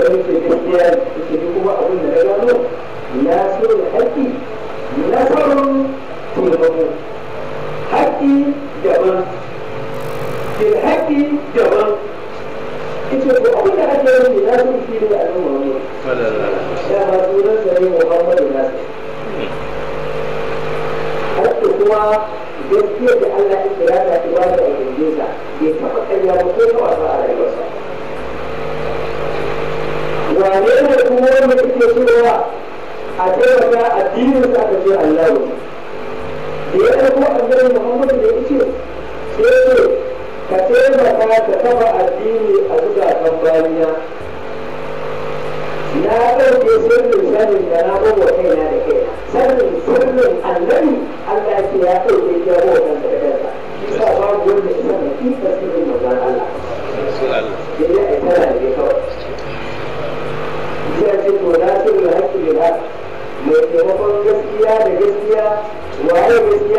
Yo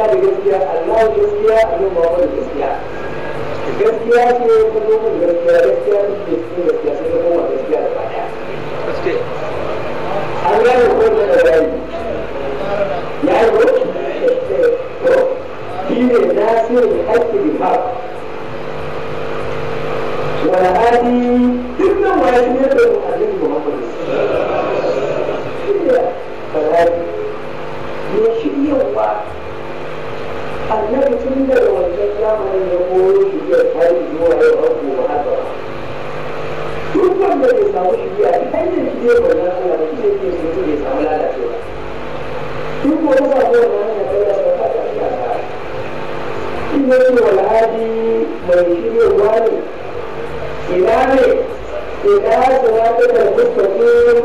gaskiya da gaskiya Allah gaskiya Allah gaskiya gaskiya ce ta nuna gaskiya gaskiya ta ke cikin gaskiya sai ta koma gaskiya da baya an yi ko da da rai ya yi ko to shi ne nasirin haƙƙin ba wani hali dukkan wani shi ne da Muhammad Muhammad shi ne da rai ne shiryawa annabi tun da wancan zamanin ya koyo shirya har zuwa yau har gobe haka ba duk wanda bai samu shirya ta hanyar shirya wannan Allah da shi ke so bai samu lalacewa duk wani sabo wannan hanyar ta yasa ta ta ina sa inna ni wal hadi mai shiryarwa ne ina ne ina sa ta da mustaqim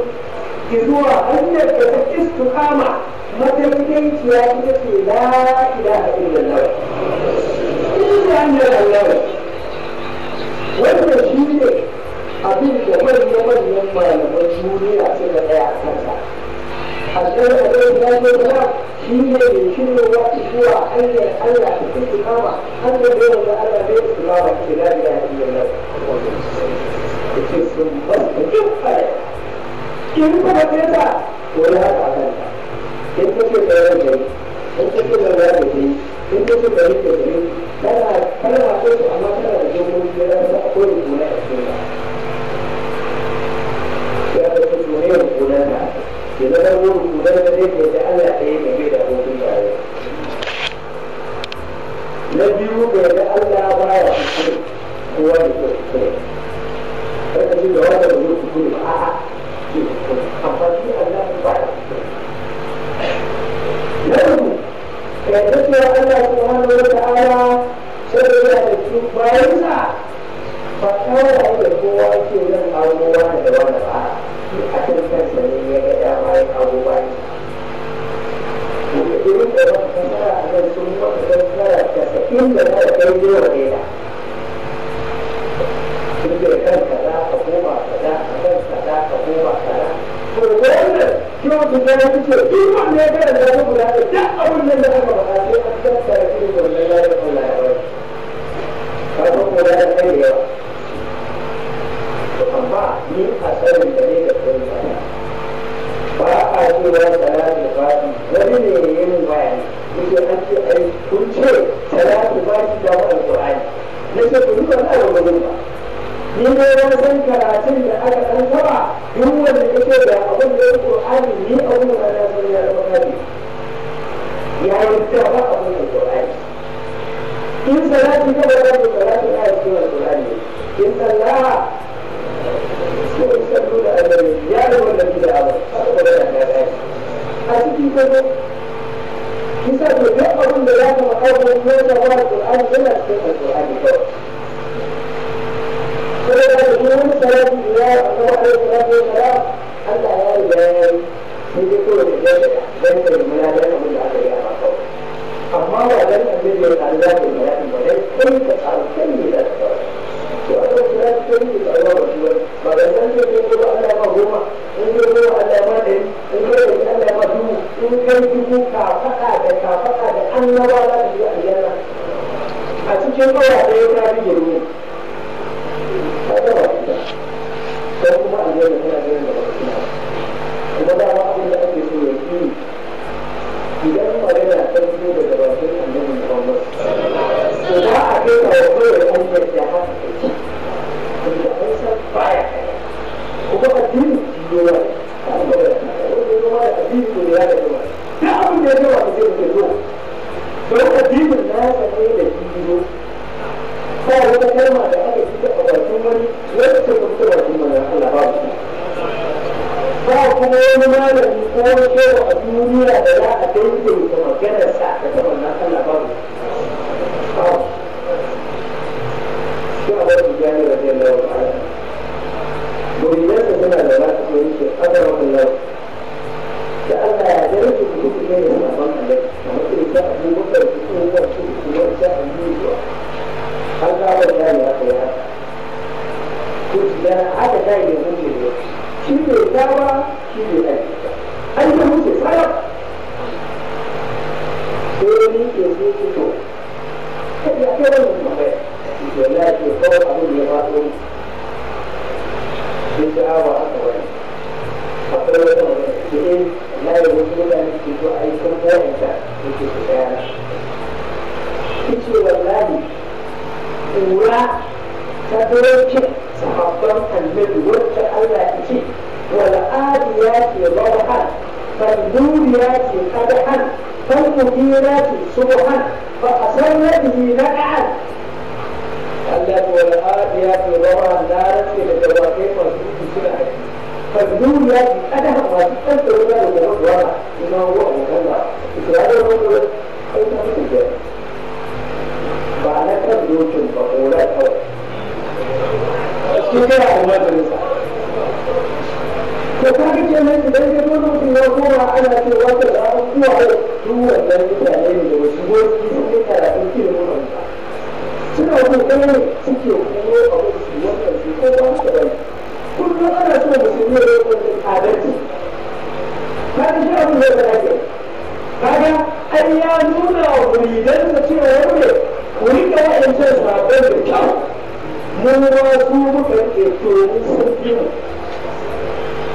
ki zuwa hanyar da ta kama. mafificiya ita ce la ilaha illallah ita hanyar Allah wanda shi ne abin da manya-manyan malaman duniya suka tsaya a kansa a cikin abin da ya shi ne da shirya zuwa hanyar Allah da suke kama hanyar da yawan da Allah ne su ba ba ke la ilaha illallah da ce sun ba su duk fara in kuma ta ko ya haka a in kake bayar da in kake bayar da ni in kake bayar da ni kana kalma ce to amma kana da jokoki da za a kore kuma a cikin ka ya da su ne kuma na ya zama wuri kuma da ne ko da Allah ɗaya ne bai da hutun baya na biyu da da Allah baya kuskure kowa da kuskure kada shi da wanda da kuskure a'a yanzu cewa Allah subhanahu wata ala sai da ya da su bayansa ba kawai da kowa ke nan abubuwa da wani ba shi a kan kansa ne ya ga dama yin abubuwa ne da irin da wani kasara a nan sun wata kasara casa'in da tara daidai ne فالدنيا أنا ما تكلت ولا ولا ولا لما هو ولا إسرائيل ولا أنت متجه بعدك دوشن بقولة أو كذا أنا بنسى فكان كمان إذا يقول لك لو هو على في وقت الأرض هو هو الذي يعلم الوجود يسمى كلام كلمة سنة وكلمة سكيو هو أبو سيوان سكيو in dai ana so musulmi ya yi adalci ka ga shi abin da ya faɗa ke kaga ai ya nuna wa muridansa cewa ya ne ku rika wa'ancan sabon da kyau mun ma su muka ke to mun sun fi mu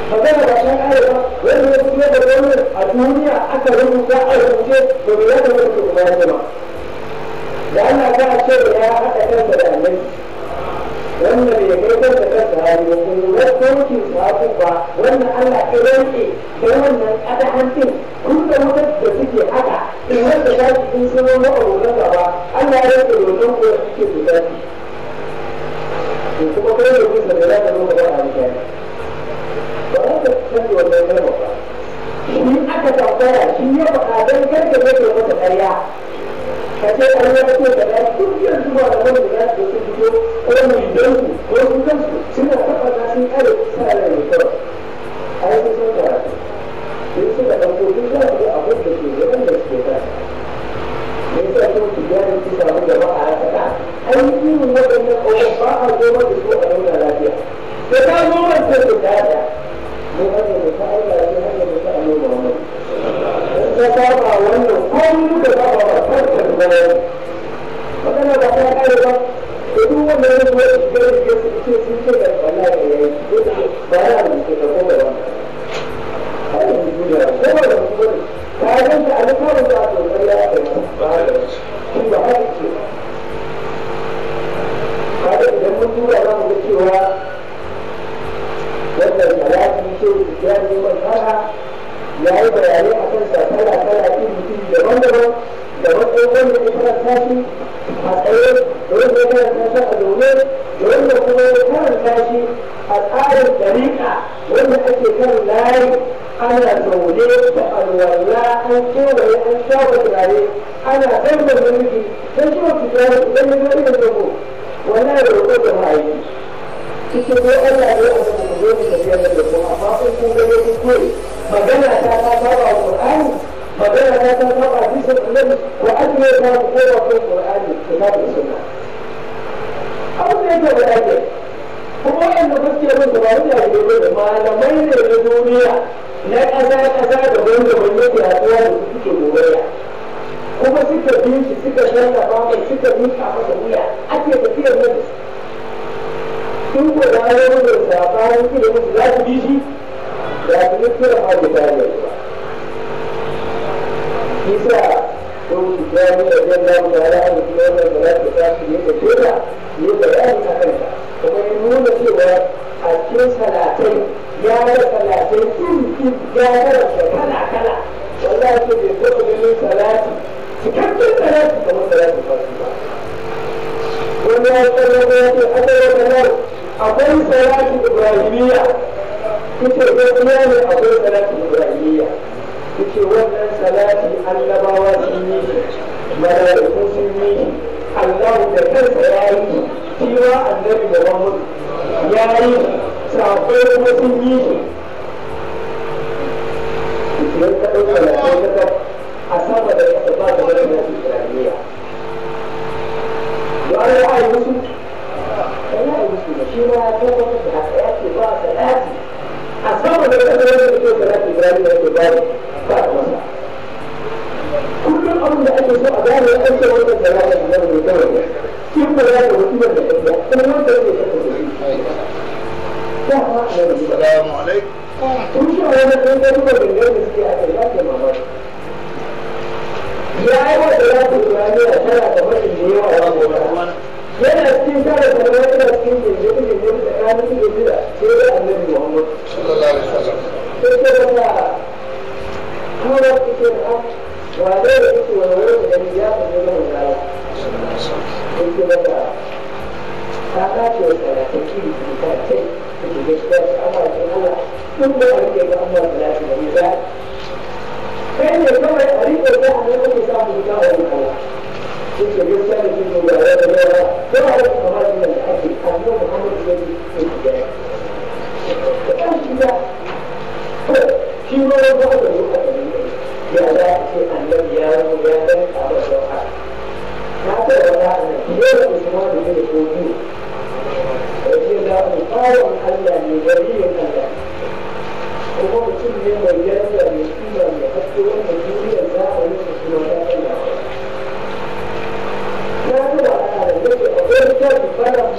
magana ba ta kare ba wanda ya fito da wannan a duniya aka rubuta a rubuce to me ya kamata ku bayar da ba da Allah ta ce ya haɗa kansa da annabi wannan ya kai kan da yi hali ya kuma wadanci sabu ba wannan Allah ya rantsi da wannan adahancin kun da mutar da suke haka in wanda za su kun sun wani abokan gaba Allah ya rantsi da wannan kuwa suke su dace kuma kai da kusa da za ka zo gaba a mutane ba za ka canza wannan kalma ba in aka tambaya shi ya faɗa don karka zai masa ƙarya ka ce an yi malaman da za su fito ko mai danku ko su kansu suna na sun kare da a yi karatu suka ɗauko duk za su yi abin da ke yawan da suke ta yasa su gyara su samu a an yi waɗannan ba a goma da su a nuna lafiya da ta goma ta yada. mun hanyar da ta ya hanyar da ta Ta saba wannan ko da ba da kuma da ya kare ba da duk wanda ya zo ya shiga da ya ce sun da wallahi ya yi ba ya da kuma ba kuma ba da shi wannan yi daban da a tsaye da wanda ya karanta shi a da wanda kuma ya karanta shi a tsarin dariƙa wanda ake kan layi ana zaune da alwala an kewaye an shafa turare ana ɗan da mulki sai shi wata turare idan ya zo irin zabo wannan da roƙo da ma'aiki cikin ko Allah ya wata mu zo mu tafiya da roƙo amma kun kun gani kun magana ta ta saba wa Qur'ani فبين هذا الوقع في شرع النبي وأدنى ما ذكر في القرآن كتاب السنة أو ليس بالأجل kuma waɗanda kuke mun da bari da ke da malamai ne na duniya na ƙasa ƙasa da wanda wanda ke haɗuwa da suke gobaya kuma suka bi suka sarrafa mai suka bi a masa wuya ake tafiyar da su in ko da ya rubuta sabanin ilimin za su bi shi da su kira ma da tariyar ba kisa ko ibrahim da jan da ta ala an kuma da da ta shi ne da a ne da ya ta kanta kuma ya nuna cewa a cikin salatai ya ga salatai kin kin ya ga kala kala wallahi ke bai ko ganin salati cikakken salati kamar salati fatima wani ya tsallaka ya ce akwai kamar akwai salati ibrahimiyya kuke gaskiya ne akwai salati ibrahimiyya yake wannan salati annabawa sun yi mala'iku sun yi Allah da kansa ya yi shi ma annabi Muhammad ya yi sako kuma sun yi idan ka ɗauka da ka a sama da ya ba da wani da Isra'iliya da Allah ya yi musu ya yi musu shi ma ya tabbatar da haka ya ce ba salati a samu da kasar da ke kira ibrahim da ke gane ba a masa kullum abin da ake so a gane ya ake wanda da ya ga da mai kawai ne shi ko ya ga mutumin da kake kuma wanda yake kake da shi Assalamu alaikum. Kun shi wani ɗan da duka da gani suke a kai ya ke mamaki. Ya yi wa da ya ke gani a tara da mutum da yawa ya gobe. yana cikin kare kuma yana cikin jirgin jirgin da kanin jirgin da ke da annabi muhammad sallallahu alaihi wasallam sai ke wata kura cikin ha wanda ya ce wani wani da ya fi zama da yawa sai ke wata ta kace wata da ta kiri da ta ce da ke gaskiya ta amma ta nuna duk da wani ke ga amma da lafi da ni za kai ne kawai a rikon da a nuna samun gawa da kawo ان لسه بيتكلم في المبادرات اللي هو ظهرت خلاص من الحكي حكي محمد الشيخ في البدايه الأمثلة في مرة واحدة يدعي أن يوم يدعي على الواقع ماذا وضع نتيجة الإسلام من الوجود إذا أقاوم ألا يجري الأداء وهو كل يوم يجري المسكين يحصل المسكين الزعم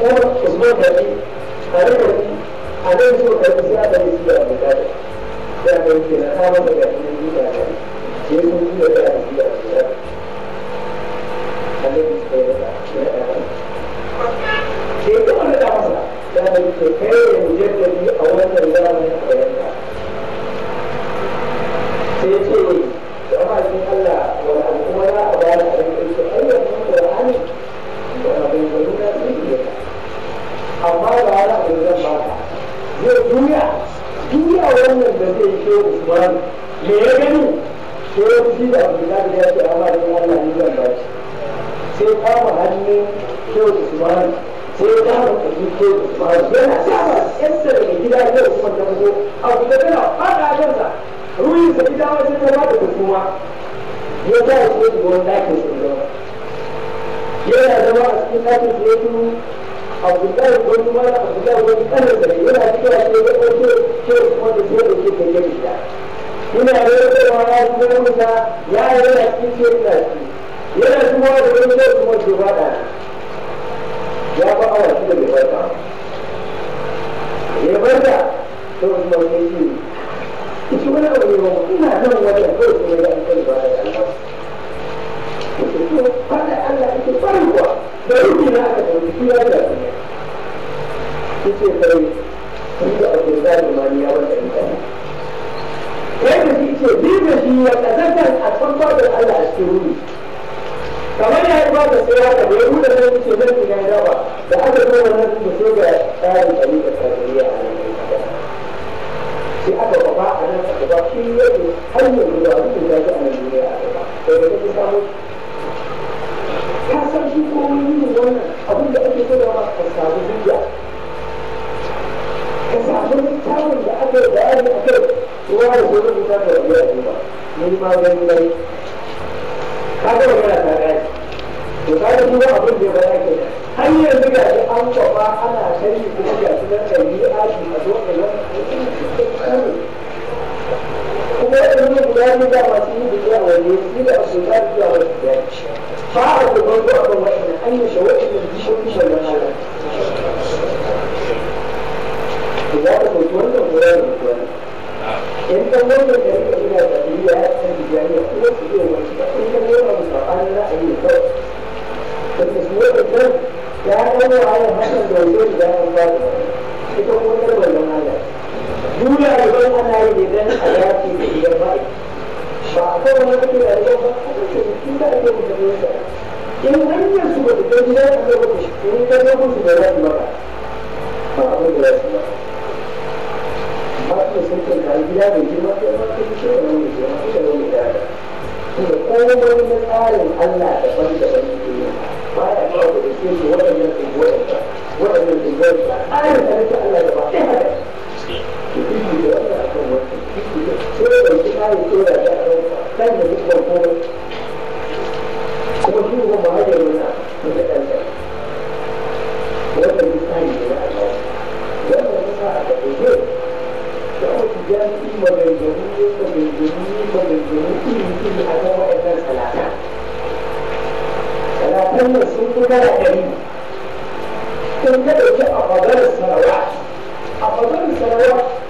kar kuma da shi tare da shi a nan so da shi aka yi siya da kada ya ga yake na kama da gashi ne da shi ne sun yi da shi dukiyar yana ci yana kuma da wani zai kuma shugaba التقسيم بتاعه وليسي الصفات بتاعه الداتش فاعرف الموضوع ده واحنا اي شواكل من تشوفش ولا حاجه بتعرف الكل ولا الكل انت ممكن تعمل كده تقليل احسن بجانب قوه في يوم انت اليوم مستقل لا اي فرق الاسبوع ده يعني هو على هذا الزوجين ده فرق انت ممكن ولا ما لا دول ايضا انا اذا حياتي في الجمعيه ba a kan wani kafin ba ce da da ba da ba ba da tsarin Allah daban-daban ba ya ba ku da ke كان يقدر هو هو شو هو مهاجر ولا متكلم ولا بيستعين ولا ولا بيساعد الرجال شعور تجاه إما بالجنوب إما بالجنوب إما بالجنوب إما كل حاجة وإما ثلاثة ثلاثة من السنة لا كريم كنت أقدر السنوات أقدر السنوات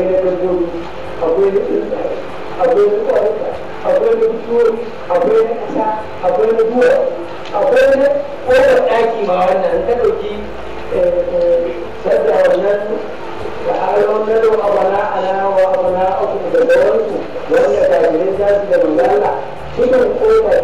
akwai na dabbobi akwai na tsuntsaye akwai na ƙwarika akwai na bishiyoyi akwai na ƙasa akwai na duwa akwai na ɗaki wannan ta ɗauki eh, eh, sadda wannan da aron na da abana ana abana aku da zawansu wanda za su da manzala cikin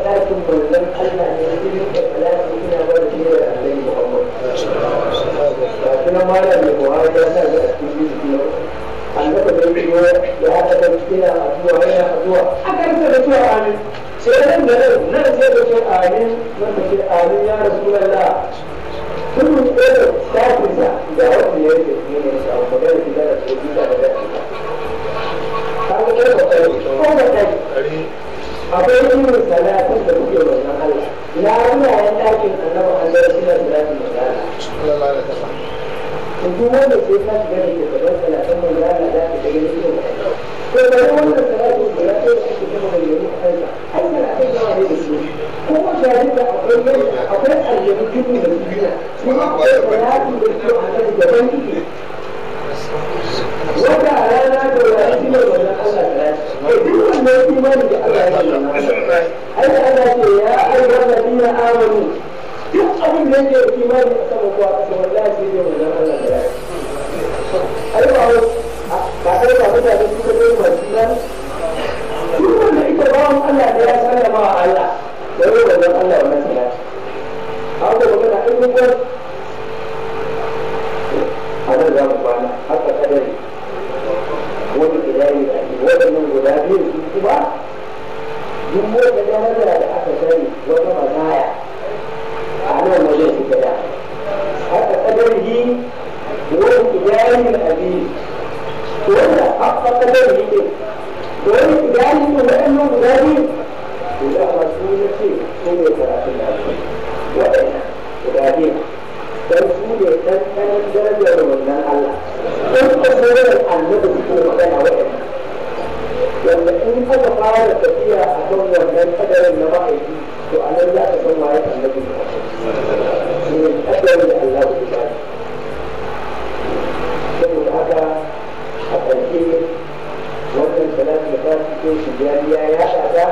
ta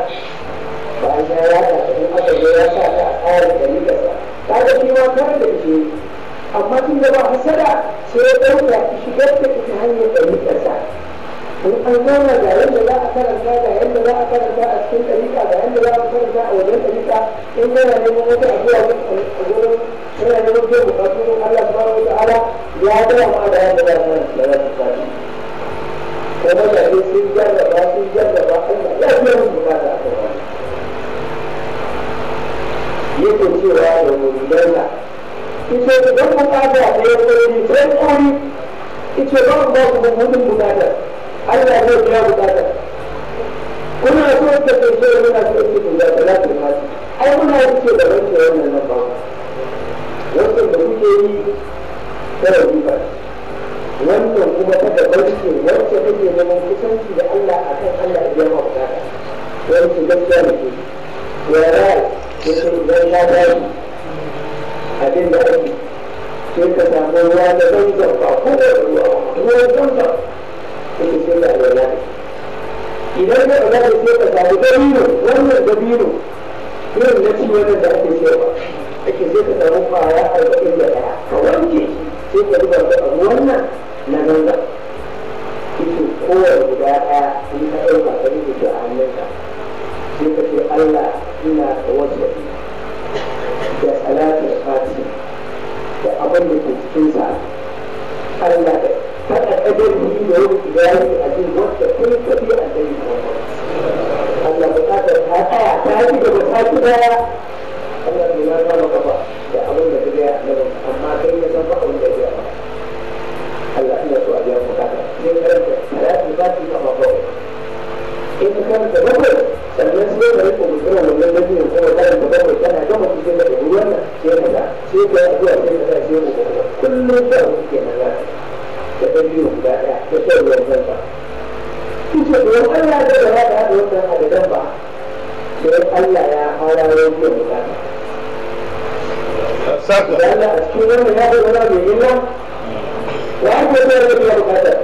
bayan ya ya ta cikin aka zo ya sa ta ƙarin da da ta ga shi ma kar da shi amma tun da ba hasada sai ya ɗauka ki shigar da ita hanyar da ni in an ga yadda za a karanta ga yadda za a karanta a cikin ɗariƙa ga yadda za a karanta a wajen ɗarika in yana neman wata abuwa a gurin yana neman bukatu Allah subhanahu wa ta'ala ya gaya ma da yadda za a karanta da za a karanta da mutane sun jarraba sun jarraba Allah ya biya mu bukata a kan yake cewa da mulmula ita da don bukata da ya kori sai kori ita ba ku ba ku bukata Allah zai biya bukata kuna so ta kace muna so ki kula da lafiyar masu ai muna yi ce da wanke wannan ba wancan da kuke yi kada ku ba wannan kuma ta daban ce wacce take neman kusanci da Allah a kan Allah idan ma bukata wani gaskiya da ke ya rai ya ce don ya dawo abin da ake sai ka samu ruwa da zanzan ba ko da ruwa ruwa zanzan da ke sai da alwala idan ka da sai ka samu dabino wannan dabino irin na ci wannan da ake cewa ake sai ka samu a arba'in da ya a wanke shi sai ka zuba da abu wannan na banza yake kowane guda ɗaya in ka ɗauka ka rike da a sai ka ce Allah ina da wajen da salatul fati da abin da ke cikinsa Allah da faɗa ƙadari da wani ibrahim a cikin wanda kai ka bi a cikin Allah buƙatar ta tsaya ta yi da ba ta ci Allah ya zama gaba a bakwai in karanta bakwai sannan sai da yake mutum wannan da biyu da sai yi sa ku kuma kullum da ɗan da Allah da ya haɗa ba ya fara yin biyan bukata. Saka. Da Allah a cikin wannan ya haɗa wani mai illa wa ake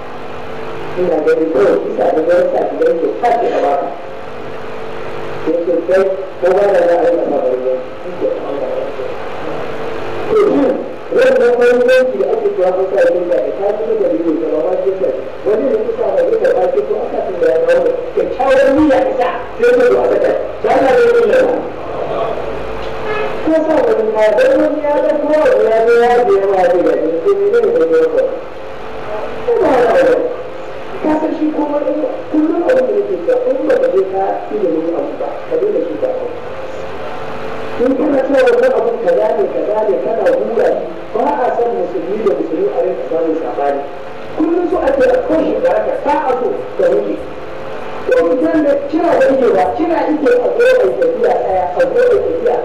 ina gani kawai kisa da gani sa da yake kaɗe ya ba da za a yi kama bayyana wannan ake ta da wani ne ya kawo sai na da yin lawa ko sa wani ma wani ya ga ko ya ya ya ya shi kuma kullum abin da yake da in ba ka je ka ilimin abu ba ka daina shi ba in kana cewa wannan abun kaza ne kaza ne kana hura ba a san musulmi da musulmi a rinka samun sabani kullum su ake a koshi da haka ba a so ka rike to mutum da kira rike ba kira ike a zo tafiya ɗaya a zo tafiya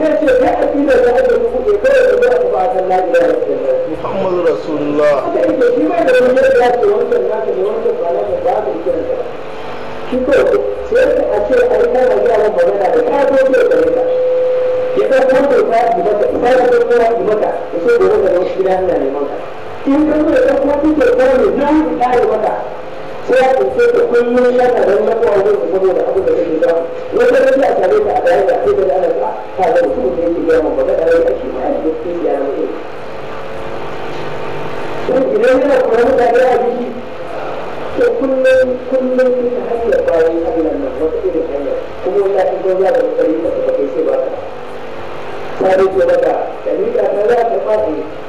sai ce ya akida da aka yi kuɗi kada ka zai kuma akan na ila ya Muhammad Rasulullah haka yake shi bai da wani yadda ya ce wancan na ka ne wancan ba na ka ba ka yi da shi ko sai a ce a yi kana zuwa magana da ta zo zai da rika ya ka kuma ka yi maka ya ka kuma ka yi maka ya ce da ka da shi na hanyar neman in ka zo da ka kuma kuke kawai na yi yi ya kusa ta kullum ya ka dan na kowa zai kuma da abin da kake ba wanda kake a tare da abai da sai da ana ta ta da mutum da yake gama ba da rai a cikin a cikin ya mutum to idan yana kuma mutane a jiki to kullum kullum ta hanyar bayan Allah nan wata irin hanya kuma wata ta zo ya da mutane da kai sai ba ta ta rike mata da ni ta ta za ta fadi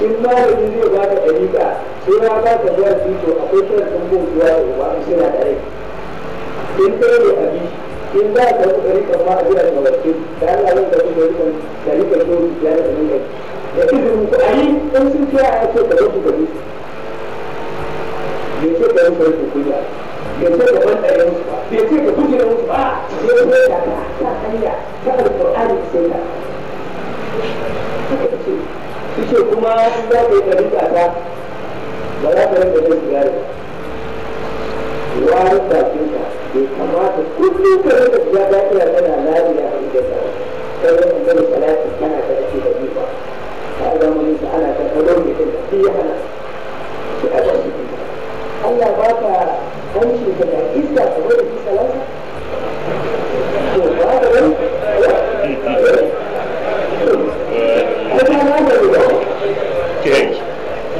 in malami zai ba ka ɗariƙa sai ya ba ka zuwa fito akwai shirin sun zuwa da uba in suna da in kai ne abi in za ka wasu ɗariƙa ma a jira da mabarci da Allah zai da zuwa ɗariƙa ɗariƙa ko ya da ɗariƙa da izinin ku a yi in sun ce a ce ka su ka rufe bai ce ka rufe su kunya bai ce ka musu ba bai ce ka musu ba ta ce kishe kuma in za ka yi rika ta ba za ka rika jin sigari wani bakin ka bai kamata kullum ka rinka shiga lafiya tana lafiya a inda ta sai yin gani salati tana ta ce da biyu ba ta zama yin ta ana ta ɗaukar mutum da shi hana shi a Allah ba ka hanci daga iska kamar da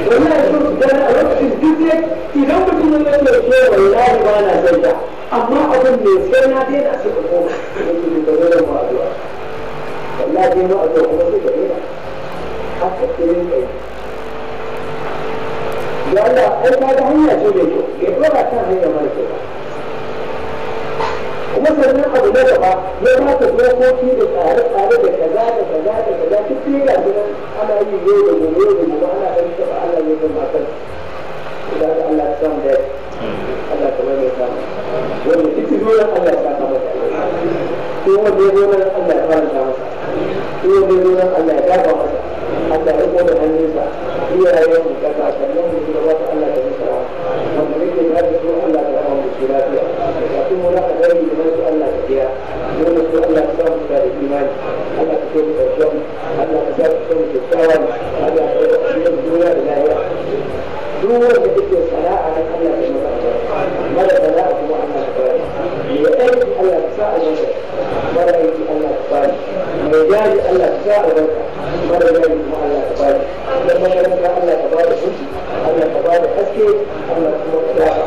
وانا اشوف ده اروح الدنيا في لوبة من المسيرة والله وانا زيها اما اظن مسيرنا دي ناس الحكومة اللي بتقولها ما ادوها والله دي ما ادوها بس جميلة حتى التنين ايه يا الله انت هذا هو هنا جوليكو يقول لك كان هي مالكو ومثلا ناخذ لغه لغه تتوقع في التعريف على كذا كذا كذا كيف يجي عندنا انا اي جيد ومولود ومعنى هيك Allah ya yi matar da Allah ya samu da Allah kuma ya samu wanda duk dole Allah ya saka mata ko wanda ya dole Allah ya fara masa ko wanda ya Allah ya gaba masa Allah ya mu kasa sannan mu Allah wanda yake Allah mu lafiya kuma na gari da su Allah biya dole su Allah da imani Allah mu da Allah da Allah duk wanda take sana'a na Allah ya masa albarka mara sana'a kuma Allah ya bari mai aiki Allah ya sa albarka mara aiki Allah ya bari mai jari Allah ya sa albarka mara jari kuma Allah ya bari dan makaranta Allah ya bada kuɗi Allah ya bada haske Allah kuma ya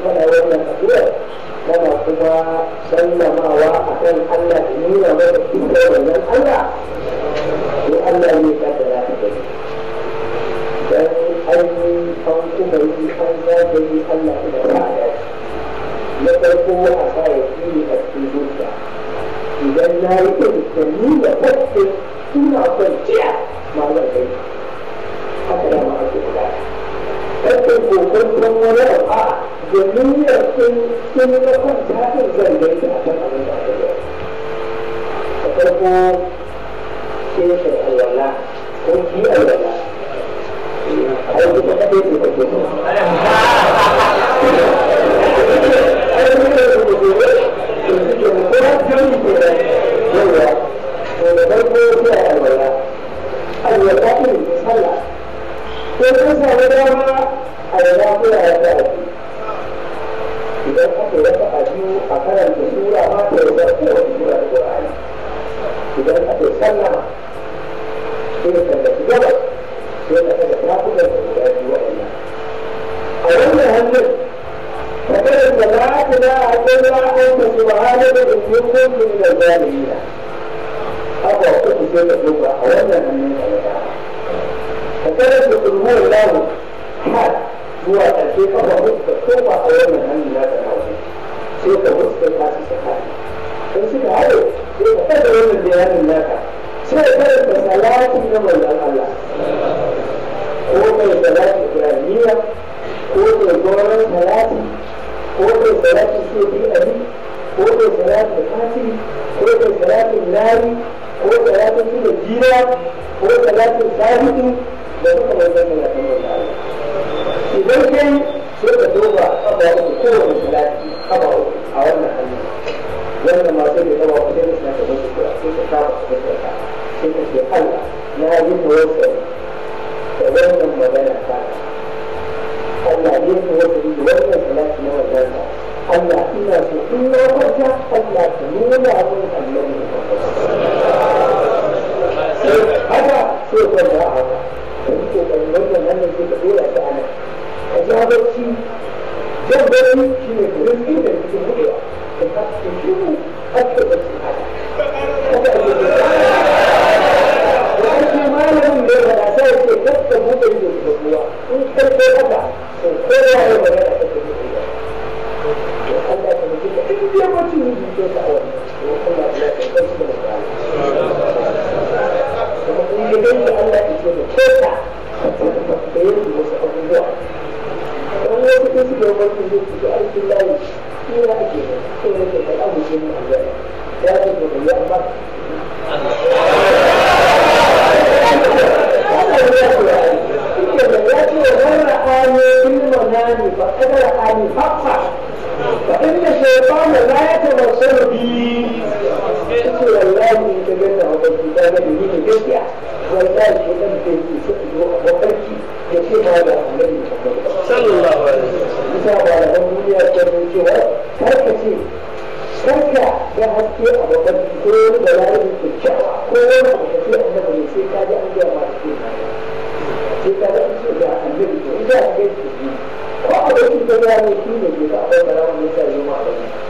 kana wannan addu'a kana kuma sallamawa a kan Allah da nuna maka da wannan Allah ko Allah ne ka da zaka gani dan an an kuma yi an zaka yi Allah da ta'ala na farko a sa ya ne a cikin zuciya idan na yi da ni da kake suna kwanciya ma zan gani haka da ma ake bukata kake kokon wani abu a'a Your New Year thing, thing that comes happens and makes it happen on the other way. Tại cô chia sẻ ở là, cô chỉ ở là, thì hầu như các bên thì phải صلاة الصبح أبي ko da salatin fasiri ko da salatin nari ko da salatin tuna jira ko da salatin sabitu da suka mai zama na kan wanda idan kai sai ka duba kaba uku kowane salati kaba uku a wannan hannu wannan ma da ka kaba uku sai ka sa ka wasu kura sai ka kaba su da ka sai ka ce Allah na yi tawassuli da wannan magana ta Allah ne tawassuli da wannan salati na wannan الناس إما ترجع الناس مين يعلم النبي هذا شيء ولا هذا يمكن أن نقول أن الجبل ولا تعمل هذا الشيء جبل شيء مهم جدا في الدنيا الحق شيء أكثر من هذا لكن ما لهم من الأساس يكتب هذا الجبل إن كتب هذا كل واحد ya danki Allah ya ce da kota da yin wasu abubuwa don wasu ɗin su yau wasu zai ci da aikin layi shi ne ake kai da kai da abu jini a gaba ya ce da ya amma فإن wallahi ko kan da yake so ko abokanki da annabi sallallahu alaihi wasallam isa ba da duniya ta ne cewa karka ce ya haske a ko wani bala'i da kyau ko ne sai ka ji an an ya ne shi a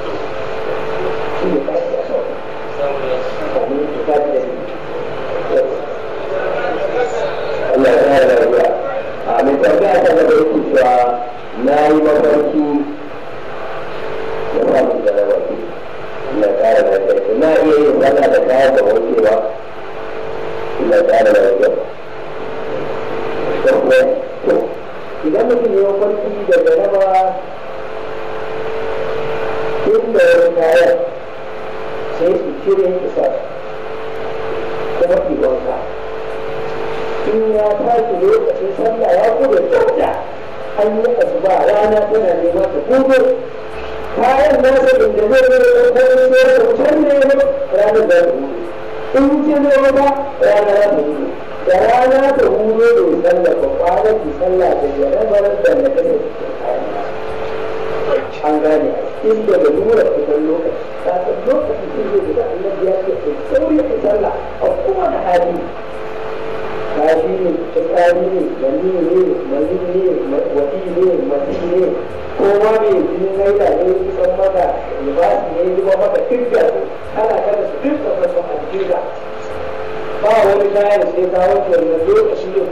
na yi mafarki da ba su da rawa ina da lafiya na iya yin zana da kaya da warkewa ina ƙara lafiya idan mutum ya mafarki da jaraba tun da wani kayan sai su cire isa kuma ki wanka in ya tashi lokacin sallah ya kuma kyauta an yi asuba rana tana nema ta hudu kayan nasa inda zai zai da kwanin zai da can ne ranar da ta hudu in ce zai ba rana ta hudu da rana ta hudu da sallah ba kwanan ki da jarabar da na kasa an gane inda da nura kusan lokaci ta san lokacin da zai guda annabi ya ce sauri ki sallah a kowane hali ta shi ne tsakani ne wani ne mali ne wati ne masu ne kowa ne yi na yi zaɓe su san maka libasi ne zuba maka duk da su ana kada su duk da su a jikin ba wani kayan sai kawo ke wani lokaci ne